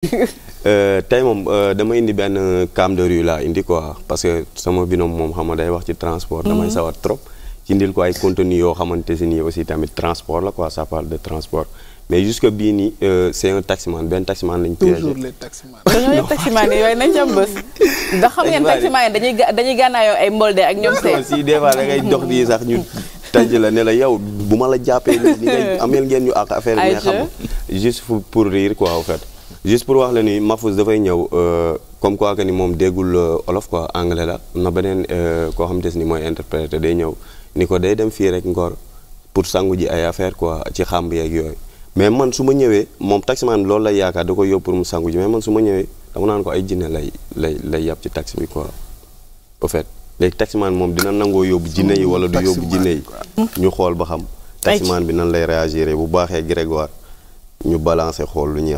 Euh, tey moom euh, dama indi benn cam de rue laa indi quoi parce que sama binom moom xam nga day wax ci transport. damay mm-hmm. sawar trop ci indil ko ay contenu yoo xamante si nii aussi tamit transport la quoi ça parle de transport mais jusque bii nii seen euh, est un taximan benn taximan lañ. toujours les taximan. toujours les taximan yooyu nañ ca bës. ndax xam ngeen taximan yi dañuy dañuy gànnaayoo ay mbolde ak ñoom seen. si des fois da ngay dox di sax ñu. taj la ne la yow bu ma la jàppee. ni ngay ameel ngeen ñu ak affaire yi nga xam juste pour rire quoi juste pour wax la ni Mahfouz dafay ñëw euh, comme quoi que ni moom déggul euh, olof quoi anglais la na beneen euh, koo xam des ni mooy interprété day ñëw ni ko day dem fii rek Ngor pour sangu ji ay affaire quoi ci xàmb yeeg yooyu mais man su ma ñëwee moom taximaan loolu lay yaakaar da ko yóbbu pour mu sangu ji mais man su ma ñëwee dama naan ko ay jinne lay lay lay yàpp ci taxi bi quoi au fait léegi taximaan moom dina nangoo yóbbu jinne yi wala du yóbbu jinne yi ñu xool ba xam taximaan bi nan lay réagir bu baaxee Grégoire ñu balancer xool lu ñuy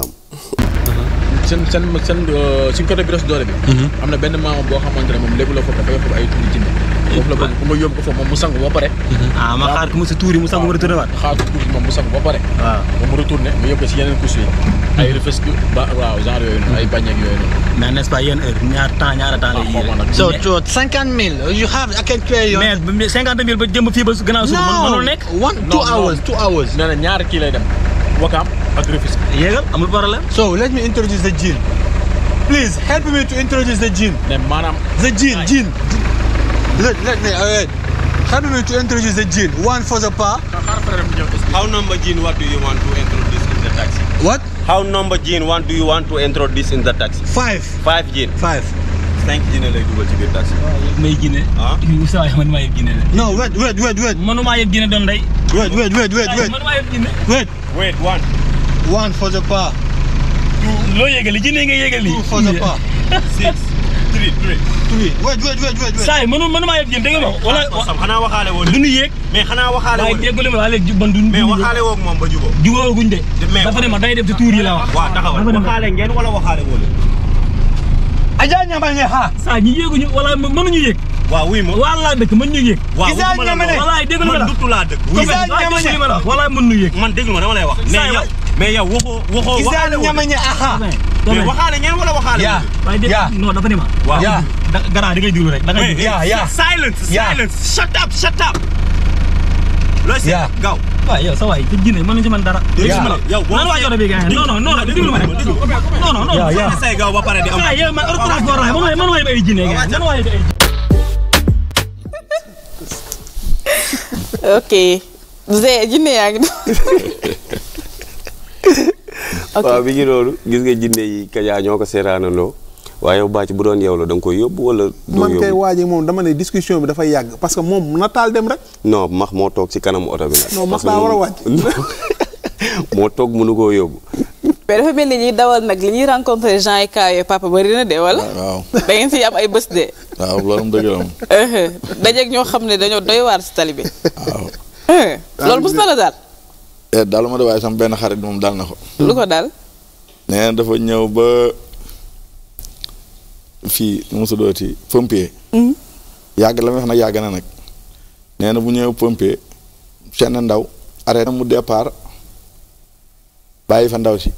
seen seen seen euh, suñ côté bi res doole bi mhm. am na benn maamam boo xamante ne moom léegi la ko dafay foofu ay tuuri jinne foofu la bëgg ku ma yóbbu ko foofu moom mu sangu ba pare mhm. ah ma xaar ko mu sa tuuri mu sangu mu retourné waat xaar ko tuuri moom mu sangu ba pare waaw moom mu retourné mu yóbbu si yeneen couche yi mhm. ay refesque ba waaw genre yooyu noonu ay bañeeg yooyu noonu mais n'est-ce pas yéen heure ñaar temps ñaara temps lay yéene ah, so so cinquante mille yu xaar ak ay tuyaux mais cinquante mille ba jëm fii ba gannaaw suba mënul nekk one two hours two hours nee na ñaari kii lay dem wakaam ak Rufisque. yéegal amul problème. so let me introduce the gene. please help me to introduce the gene. mais maanaam. the gene gene. let let me wait. help me to introduce the gene. one for the pa. how number gene what do you want to introduce in the taxi. what. how number gene what do you want to introduce in the taxi. five. five gene. five. cinq Guinée lay dugal ci biir taxi. may Guinée. ah Moussa man maa yëg Guinée la. non wait wait wait wait. mënumaa yëg Guinée doom day. wait wait wait wait wait. mënumaa yëg Guinée. wait wait one. one for the par. two loo yëgali jëndee nga yëgali. two for the par. six three three. three wait wait wait wait. saa yi mënu mënu maa yëg jën dégg nga wala xanaa waxaale woon du ñu yëg. ma waxaale man du mais waxaale de. dafa ne ma day def ci tuur yi la wax. waaw taxawal waxaale a wala waxaale woon. a Niambane ha. saa ñi yëguñu wala mënuñu yëg. waaw wuy ma waaw laa dëkk mën ñu yëg. la man duttu laa dëkk. wuy ma waaw déglu ma la walaay mën ñu yëg. man déglu ma dama lay wax. mais yow waxoo waxoo. waxaale woo ñama ñi aha. mais waxaale ngeen wala waxaale. yaa yaa non dafa ne ma. waaw yaa da gannaaw da ngay déglu rek da ngay. yaa yaa silence silence shut up shut up. looy seet gaaw. waaw yow sa waay te jinne mën nañu ci mën dara. yow boo non non non déglu ma rek. non non non. yaa yaa say gaaw ba pare di am. waaw yow man orthographe boo raay man man waay ba ay jinne man waay ba ay. ok. Zé, de negra. waaw bi ngi loolu gis nga jinne yi kajaa ñoo ko seeraanandoo waaye yow bàcc bu doon yow la da nga koy yóbbu wala doo man kay waaji moom dama ne bi dafay yàgg parce que moom nataal dem rek non max moo toog ci kanamu oto max daa war a moo toog mënu koo yóbbu mais dafa mel ni ñuy dawal nag li ñuy rencontré gens yi cas yooyu papa bari na de wala. waaw da ngeen si am ay bës de. waaw loolu dëgg la ñoo xam ne dañoo doy waar si tali bi. loolu daal. et eh, daal ma de waaye sama benn xarit moom daal na ko. lu ko daal. nee dafa ñëw ba fii nu mu su dooti pompier. Mm-hmm. yàgg la ma wax nag yàgg na nag. nee na bu ñëwee pompier seen ndaw arrêté mu départ bàyyi fa ndaw si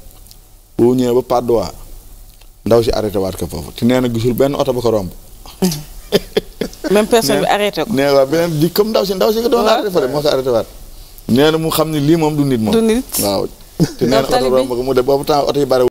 bu ñëwee ba Padois ndaw si arrêté waat ko foofu te nee na gisul benn oto ba ko romb. Mm-hmm. même personne bi arrêté ko. nee waaw beneen di comme ndaw si ndaw si ko doon arrêté fa de moo ko arrêté waat. nee na mu xam ne lii moom du nit moom. du nit waaw. te nee oto romb ko mu de boobu temps oto yi bari